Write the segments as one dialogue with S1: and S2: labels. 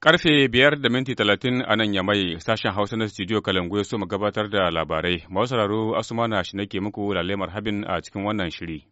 S1: Karfe biyar da minti talatin a nan yamai sashen Hausa na studio Kalangu ya so mu gabatar da labarai. Masu Asumana shi nake muku lalle habin a cikin wannan shiri.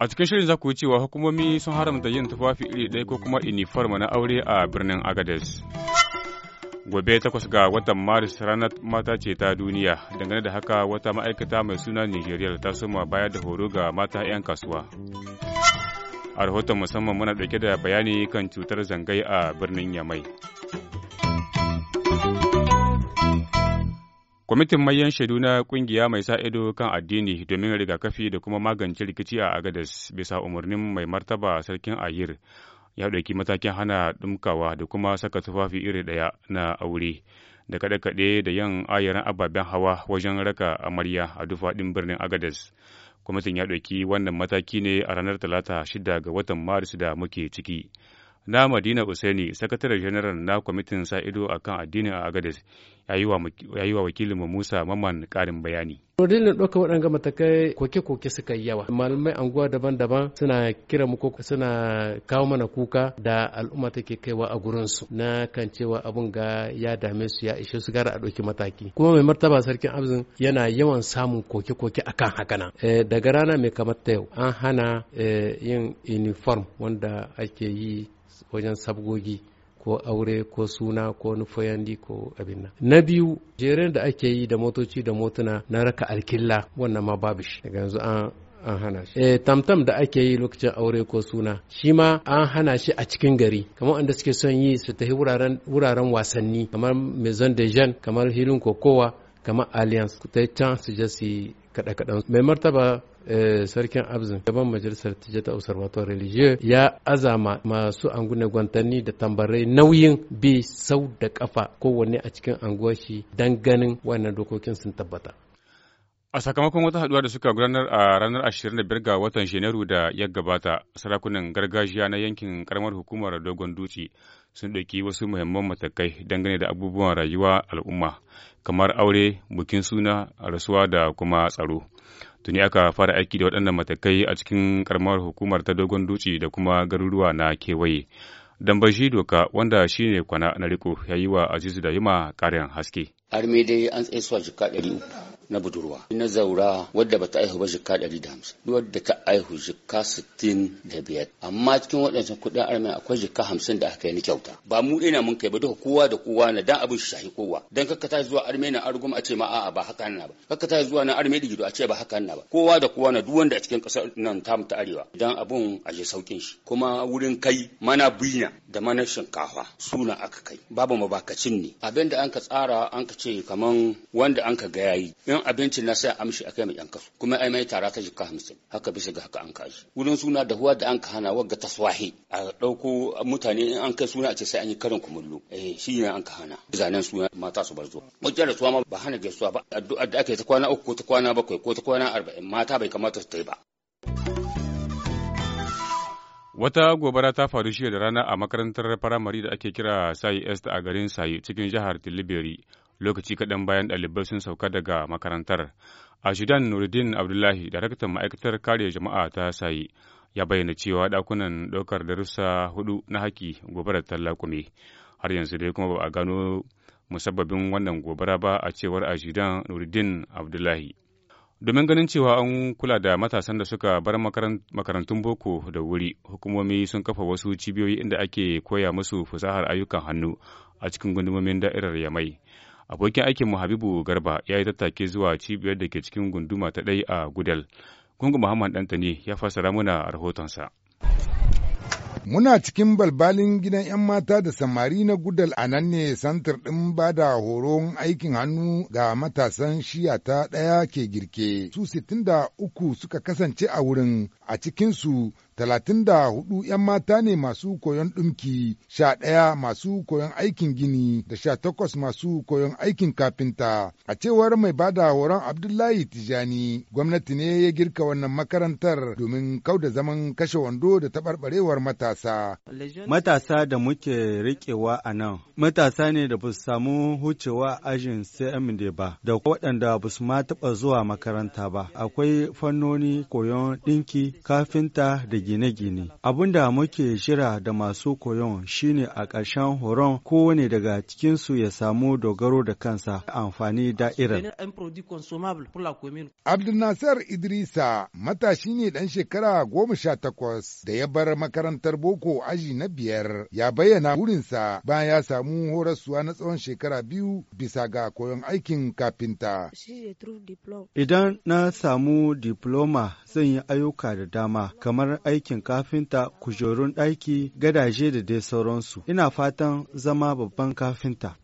S1: A cikin shirin za ku yi cewa hukumomi sun haramta yin tufafi iri ɗaya ko kuma inifarma na aure a birnin Agadez. gobe takwas ga watan maris ranar mata ce ta duniya dangane da haka wata ma'aikata mai suna nigeria ta suma bayar da horo ga mata 'yan kasuwa a rahoton musamman muna dauke da bayani kan cutar zangai a birnin yamai kwamitin mayan shaidu na kungiya mai sa ido kan addini domin rigakafi da kuma magance rikici a agadas bisa umarnin mai martaba sarkin ayir ya ɗauki matakin hana ɗumkawa da kuma saka tufafi iri ɗaya na aure da kaɗe-kaɗe da yan ayyaran ababen hawa wajen raka amarya a dufaɗin birnin agadez kwamitin ya ɗauki wannan mataki ne a ranar talata shida ga watan maris da muke ciki na Madina Usaini, sakataren janaral na kwamitin sa ido a kan addini a Agadez, ya yi wa wakilin Musa Maman karin bayani.
S2: Rodin da ɗauka waɗanga matakai koke-koke suka yi yawa. Malamai anguwa daban-daban suna kira mu suna kawo mana kuka da al'umma take kaiwa a gurinsu na kan cewa abun ga ya dame su ya ishe su gara a ɗauki mataki. Kuma mai martaba sarkin Abzin yana yawan samun koke-koke akan haka nan eh, daga rana mai kamar ta yau an hana eh, yin uniform wanda ake yi wajen sabgogi ko aure ko suna ko wani ko abin nan na biyu jerin da ake yi da motoci da motuna na raka alkilla wannan ma babu shi daga yanzu an an hana shi eh tamtam da ake yi lokacin aure ko suna shi ma an hana shi a cikin gari kamar wanda suke son yi su tafi wuraren wuraren wasanni kamar maison de jeunes kamar hilin kokowa kamar alliance ta can su je su kaɗe-kaɗen mai martaba Eh, sarkin abzin gaban majalisar tijjata wato religieux ya azama masu angunan gwantanni da tambarai nauyin bi sau da kafa kowanne a cikin anguwar shi dan ganin wannan dokokin sun tabbata
S1: A sakamakon wata haduwa da suka gudanar a ranar 25 ga watan Janairu da ya gabata, sarakunan gargajiya na yankin karamar hukumar Dogon Dutse sun ɗauki wasu muhimman matakai dangane da abubuwan rayuwa al'umma, kamar aure, bukin suna, rasuwa da kuma tsaro. Tuni aka fara aiki da waɗannan matakai a cikin karamar hukumar ta dogon dutse da kuma garuruwa na kewaye. Dambashi doka wanda shine kwana na riko ya yi wa Azizu da Yima ƙarin haske.
S3: armi dai an tsaye su jika ɗari uku. na budurwa na zaura wadda bata aihu ba jikka 150 wadda ta aihu jikka 65 amma cikin waɗancan kuɗin armi akwai jikka 50 da aka yi ni kyauta ba mu ɗina mun kai ba duka kowa da kowa na dan abin shahi kowa dan kakka ta zuwa armi na argum a ce ma a'a ba haka na ba kakka ta zuwa na armi digido a ce ba haka na ba kowa da kowa na duk wanda a cikin ƙasar nan ta mu ta arewa dan abun a je saukin shi kuma wurin kai mana bina da mana shinkafa suna aka kai babu mabakacin ne abinda an ka tsara an ka ce kaman wanda an ka ga yayi in abinci na sai amshi a kai mai yan kasu kuma ai mai tara ta jika hamsin haka bisa ga haka an kashi wurin suna da huwa da an ka hana wagga ta swahi a ɗauko mutane in an kai suna a ce sai an yi karin kumullo eh shi ne an ka hana zanen suna mata su bar zuwa wajen da ma ba hana gaisuwa ba addu'ar da ake ta kwana uku ko ta kwana bakwai ko ta kwana arba'in mata bai kamata su ta yi ba
S1: Wata gobara ta faru shiya da rana a makarantar firamare da ake kira Sayi Est a garin Sayi cikin jihar Tilibiri. lokaci kaɗan bayan ɗalibai sun sauka daga makarantar. A Sudan Nuruddin Abdullahi, daraktan ma'aikatar kare jama'a ta sayi, ya bayyana cewa ɗakunan ɗaukar darussa hudu na haki talla tallakume. Har yanzu dai kuma ba a gano musabbabin wannan gobara ba a cewar a Sudan Nuruddin Abdullahi. domin ganin cewa an kula da matasan da suka bar makarantun boko da wuri hukumomi sun kafa wasu cibiyoyi inda ake koya musu fasahar ayyukan hannu a cikin gundumomin da'irar yamai Abokin aikinmu Habibu Garba ya yi tattake zuwa cibiyar da ke cikin gunduma ta ɗai a gudal Gungun Muhammad Dantani ya fassara muna rahotonsa.
S4: Muna cikin balbalin gidan 'yan mata da samari na gudal a nan ne santar ɗin ba da horon aikin hannu ga matasan shiya ta ɗaya ke girke. Su da uku suka kasance a wurin a cikinsu talatin da hudu 'yan mata ne masu koyon ɗumki, sha ɗaya masu koyon aikin gini da sha takwas masu koyon aikin kafinta. A cewar mai bada horon Abdullahi Tijani, gwamnati ne ya girka wannan makarantar domin kauda zaman kashe wando da taɓarɓarewar matasa. Matasa da muke
S3: riƙewa a nan, matasa ne da ba su samu hucewa ajin CMD ba, da waɗanda ba su ma taɓa zuwa makaranta ba. Akwai fannoni koyon ɗinki, kafinta da gine-gine. Abin da muke shira da masu koyon shine a ƙarshen horon kowane daga cikinsu ya samu dogaro da kansa amfani da da'irar.
S4: Abdulnasar Idrisa matashi ne ɗan shekara goma sha takwas da ya bar makarantar boko aji na biyar ya bayyana wurinsa, bayan ya samu horaswa na tsawon shekara biyu bisa ga koyon aikin kafinta. Idan na samu diploma zan yi ayyuka da
S3: dama kamar aikin kafinta, kujerun ɗaki, gadaje da dai sauransu. Ina
S4: fatan zama babban kafinta.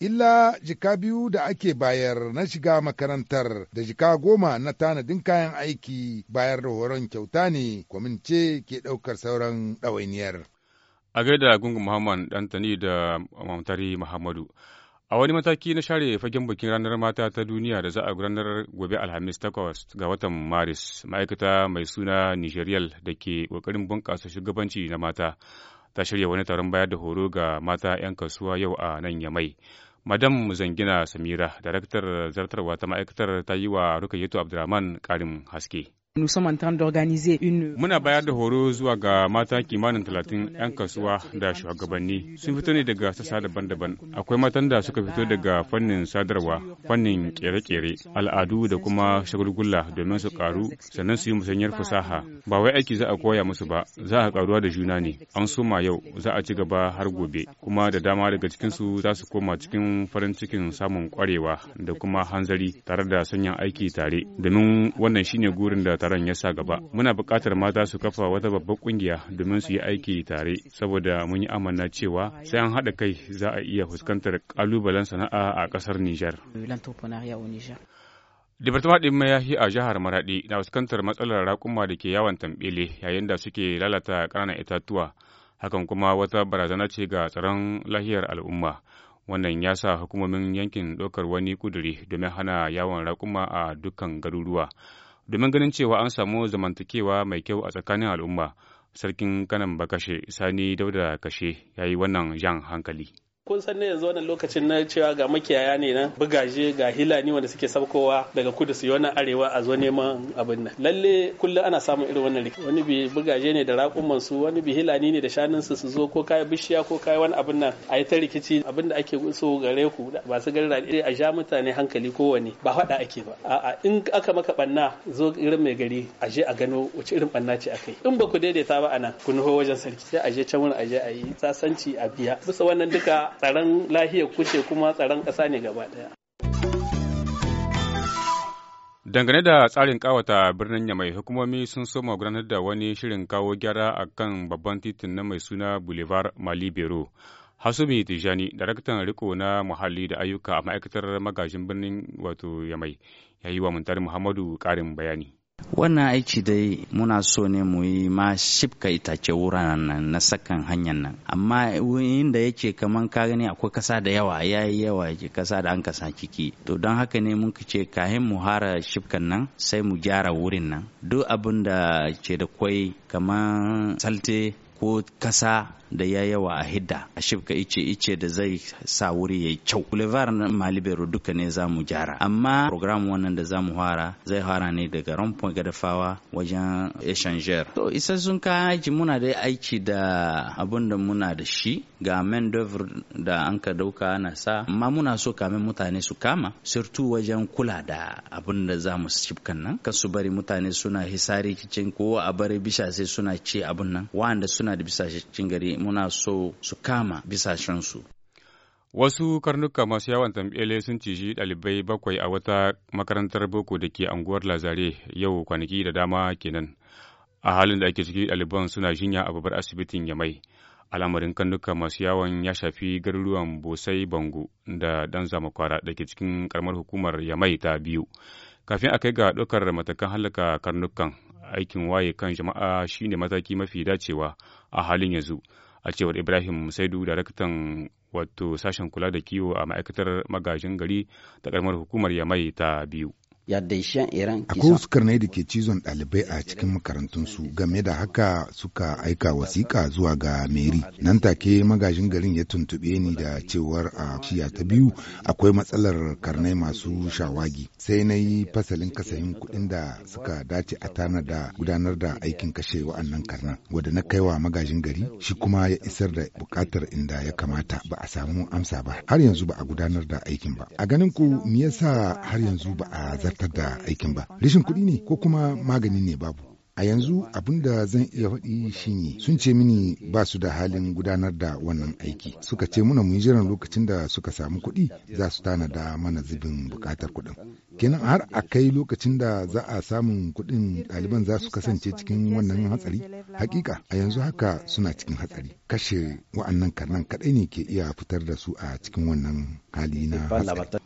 S4: Illa jika biyu da ake bayar na shiga makarantar da jika goma na tanadin kayan aiki bayar da horon kyauta ne kwamince ke ɗaukar sauran ɗawainiyar.
S1: A gaida gungun Muhammad Dantani da Mamtari Muhammadu. A wani mataki na share fagen bikin ranar mata ta duniya da za a gudanar gobe Alhamis takwas ga watan Maris, ma'aikata mai suna Nigeriyal da ke ƙoƙarin bunƙasa shugabanci na mata ta shirya wani taron bayar da horo ga mata 'yan kasuwa yau a nan Yamai. Madam Zangina Samira, daraktar zartarwa ta ma'aikatar ta yi wa Rukayetu Abdurrahman ƙarin haske. Muna bayar da horo zuwa ga mata kimanin talatin 'yan kasuwa da shugabanni sun fito ne daga sassa daban-daban. Akwai matan da suka fito daga fannin sadarwa, fannin kere-kere, al'adu da kuma shagulgula domin su karu sannan su yi musanyar fasaha. Ba wai aiki za a koya musu ba, za a karuwa da juna ne. An soma yau, za a ci gaba har gobe, kuma da dama daga cikinsu za su koma cikin farin cikin samun kwarewa da kuma hanzari tare da sanyan aiki tare, domin wannan shine gurin da taron ya sa gaba muna buƙatar mata su kafa wata babbar ƙungiya domin su yi aiki tare saboda mun yi amana cewa sai an haɗa kai za a iya fuskantar ƙalubalen sana'a a ƙasar Nijar. Departement ɗin mayahi a jihar Maraɗi na fuskantar matsalar raƙuma da ke yawon tambele yayin da suke lalata ƙananan itatuwa hakan kuma wata barazana ce ga tsaron lahiyar al'umma. Wannan ya sa hukumomin yankin ɗaukar wani kuduri domin hana yawon raƙuma a dukkan garuruwa. domin ganin cewa an samu zamantakewa mai kyau a tsakanin al'umma sarkin kanan bakashe sani dauda kashe ya yi wannan jan hankali.
S2: kun san ne yanzu wannan lokacin na cewa ga makiyaya ne na bugaje ga hilani wanda suke saukowa daga kudu su wannan arewa a zo neman abin nan lalle kullum ana samun irin wannan rikici wani bi bugaje ne da raƙuman su wani bi hilani ne da shanun su su zo ko kai bishiya ko kai wani abin nan a yi ta rikici abin da ake so gare ku ba su gari rani a ja mutane hankali ko wani ba faɗa ake ba a'a in aka maka banna zo irin mai gari a je a gano wace irin banna ce akai in ba ku daidaita ba anan ku nuho wajen sarki sai a je can wurin a je a yi sasanci a biya bisa wannan duka tsaron lahiyar kuce kuma tsaron ƙasa ne gaba ɗaya.
S1: Dangane da tsarin kawata birnin Yamai, hukumomi sun soma gudanar da wani shirin kawo gyara a kan babban titin na mai suna Boulevard Mali Bero. Hasumi Tijani, daraktan riko na muhalli da ayyuka a ma'aikatar magajin birnin wato Yamai, ya yi wa Muntari Muhammadu ƙarin bayani.
S5: wannan aiki dai muna so ne mu yi ma shifka itace wuraren na sakan hanyar nan amma inda yake kaman ka gani akwai kasa da yawa ya yi yawa yake kasa da an kasa ciki to don haka ne mun ce kahin mu hara shifkan nan sai mu gyara wurin nan duk abin da ke da kwai kaman salte ko kasa da ya yawa a hidda a shifka ice ice da zai sa wuri yayi kyau bulevar na malibero duka ne za mu gyara amma program wannan da za mu fara zai fara ne daga rompon dafawa wajen echanger to isassun kayan aiki muna da aiki da abun da muna da shi ga main da an ka dauka ana sa amma muna so kamin mutane su kama surtu wajen kula da abun da za mu shifka nan kan su bari mutane suna hisari kicin ko a bari bisha sai suna ci abun nan wanda suna muna da bisashen gari muna so su kama bisashensu.
S1: Wasu karnuka masu yawan tambele sun cishi ɗalibai bakwai a wata makarantar boko da ke anguwar Lazare yau kwanaki da dama kenan. A halin da ake ciki ɗaliban suna jinya a babbar asibitin Yamai. Al'amarin karnuka masu yawon ya shafi garuruwan Bosai Bango da ɗan zamakwara da ke cikin karamar hukumar Yamai ta biyu. Kafin a kai ga ɗaukar matakan halaka karnukan aikin waye kan jama'a shine mataki mafi dacewa a halin yanzu a cewar ibrahim saidu daraktan wato sashen kula da kiwo a ma'aikatar magajin gari ta karamar hukumar yamai ta biyu
S4: Akwai wasu karnai da ke cizon ɗalibai a cikin makarantunsu game da haka suka aika wasiƙa zuwa ga Meri. Nan take magajin garin ya tuntuɓe ni da cewar a shiya ta biyu akwai matsalar karnai masu shawagi. Sai na yi fasalin kasayin kuɗin da suka dace a tana da gudanar da aikin kashe wa'annan karnan. Wadda na kaiwa magajin gari shi kuma ya isar da buƙatar inda ya kamata ba a samu amsa ba. Har yanzu ba a gudanar da aikin ba. A ganin ku me yasa har yanzu ba a cutar da aikin ba rashin kuɗi ne ko kuma magani ne babu a yanzu abin da zan iya faɗi shine sun ce mini ba su da halin gudanar da wannan aiki suka ce muna mu jiran lokacin da suka samu kuɗi za su tanada mana zubin buƙatar kuɗin kenan har a kai lokacin da za a samun kuɗin ɗaliban za su kasance cikin wannan hatsari hakika a yanzu haka suna cikin hatsari kashe wa'annan karnan kaɗai ne ke iya fitar da su a cikin wannan hali na hatsari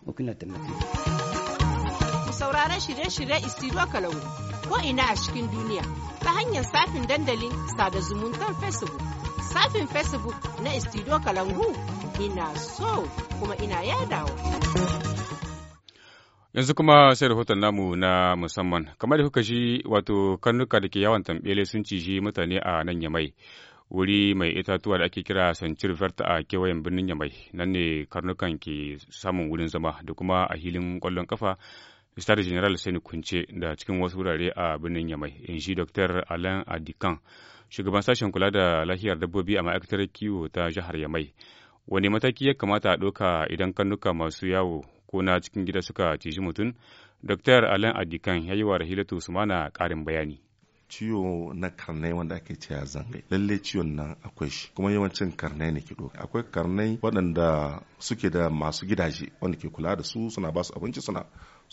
S5: sauraron shirye-shirye Isiro Kalangu ko ina a cikin duniya ta hanyar safin dandalin sada zumuntar Facebook. Safin Facebook na Isiro Kalangu ina so kuma ina yadawa.
S1: Yanzu kuma sai rahoton namu na musamman, kamar da kuka ji wato karnuka da ke yawan tambele sun ciji mutane a nan yamai. wuri mai itatuwa da ake kira sancir verta a kewayen birnin yamai nan ne karnukan ke samun wurin zama da kuma a hilin kwallon kafa Mr. General Sani Kunce da cikin wasu wurare a birnin Yamai, in shi Dr. Alain Adikan, shugaban sashen kula da lafiyar dabbobi a ma'aikatar kiwo ta jihar Yamai. Wani mataki ya kamata a ɗauka idan karnuka masu yawo ko na cikin gida suka ciji mutum? Dr. Alain Adikan ya yi wa Rahilatu Sumana ƙarin bayani.
S6: ciwo na karnai wanda ake cewa zangai lalle ciwon nan akwai shi kuma yawancin karnai ne ke doka akwai karnai waɗanda suke da masu gidaje wanda ke kula da su suna ba su abinci suna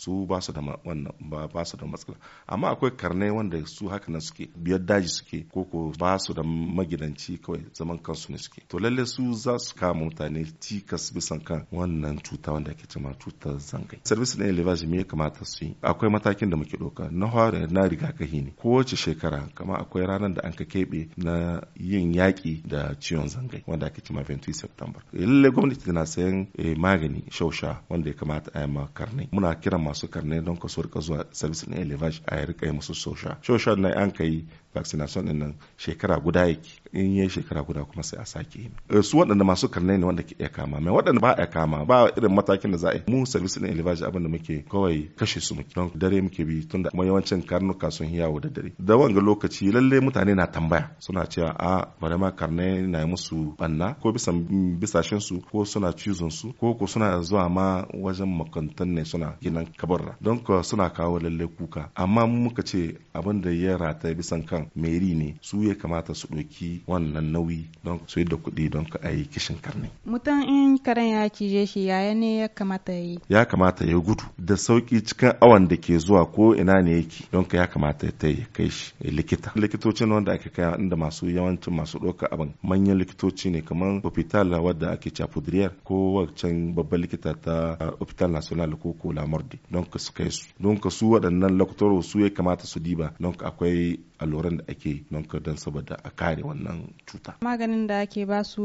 S6: su ba su da wannan ba su da matsala amma akwai karne wanda su haka nan suke biyar daji suke ko ko ba su da magidanci kawai zaman kansu ne suke to lalle su za su kama mutane cikas bisan kan wannan cuta wanda ake cewa cutar zangai service na elevage me ya kamata su yi akwai matakin da muke doka na fara na rigakafi ne kowace shekara kama akwai ranar da an ka keɓe na yin yaƙi da ciwon zangai wanda ake cewa 20 September eh, lalle gwamnati tana sayan eh, magani shausha wanda ya kamata a yi ma karnai muna kiran masu karne don ka rika zuwa service na elevage a rika yi musu social. social na an kai vaccination din nan shekara guda yake in yi shekara guda kuma sai a sake yi eh, su waɗanda masu karnai ne wanda ke iya kama mai waɗanda ba a kama ba irin matakin da za a yi mu service din elevage abin da muke kawai kashe su muke don dare muke bi tunda kuma yawancin karnuka sun yawo da dare da wanga lokaci lalle mutane na tambaya suna cewa a bare ma karnai na musu banna ko bisa bisashen su ko suna cizon su ko ko suna zuwa ma wajen makantan ne suna ginan kabarra don suna kawo lalle kuka amma muka ce abin da ya rata bisan kan kan meri ne su ya kamata su ɗauki wannan nauyi don su yi da kuɗi don ka yi kishin karni.
S5: mutan in karen ya cije shi yaya ne ya kamata ya yi.
S6: ya kamata ya gudu da sauki cikin awan da ke zuwa ko ina ne yake don ka ya kamata ya tai kai shi likita likitocin wanda ake kaya inda masu yawancin masu ɗauka abin manyan likitoci ne kamar hospital wadda ake chapudriyar ko wancan babban likita ta hospital national ko ko lamordi don ka su kai su don ka su waɗannan lakutoro su ya kamata su diba don akwai allurar kokarin da ake don don saboda a kare wannan cuta
S5: maganin da ake ba su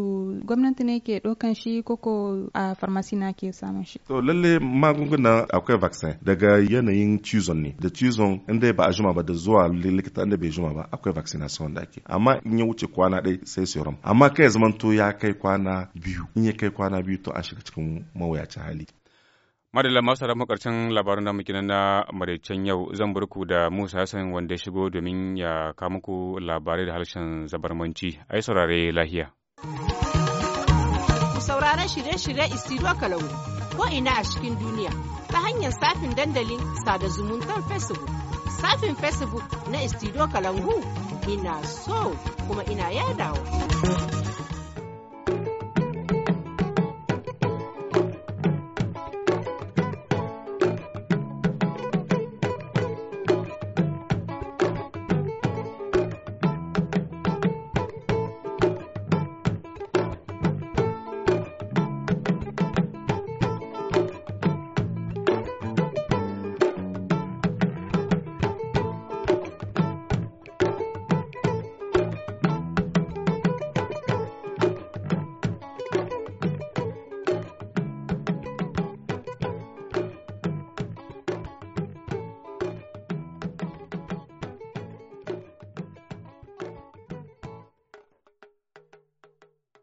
S5: gwamnati ne ke ɗaukan shi koko a farmasi na ke samun shi
S6: to lalle magunguna akwai vaccine daga yanayin cizon ne da cizon inda ba a juma ba da zuwa likita inda bai juma ba akwai sauran da ake amma in ya wuce kwana ɗaya sai serum amma kai zamanto ya kai kwana biyu in ya kai kwana biyu to an shiga cikin mawuyacin hali
S1: Madalla masu sauraron makarcin labarin da muke na maraicen yau zan burku da Musa Hassan wanda ya shigo domin ya kawo muku labarai da harshen zabarmanci. Ai saurare lahiya.
S5: saurare shirye-shirye Isidro Kalau ko ina a cikin duniya ta hanyar safin dandalin sada zumuntar Facebook. Safin Facebook na Isidro Kalangu ina so kuma ina yadawa.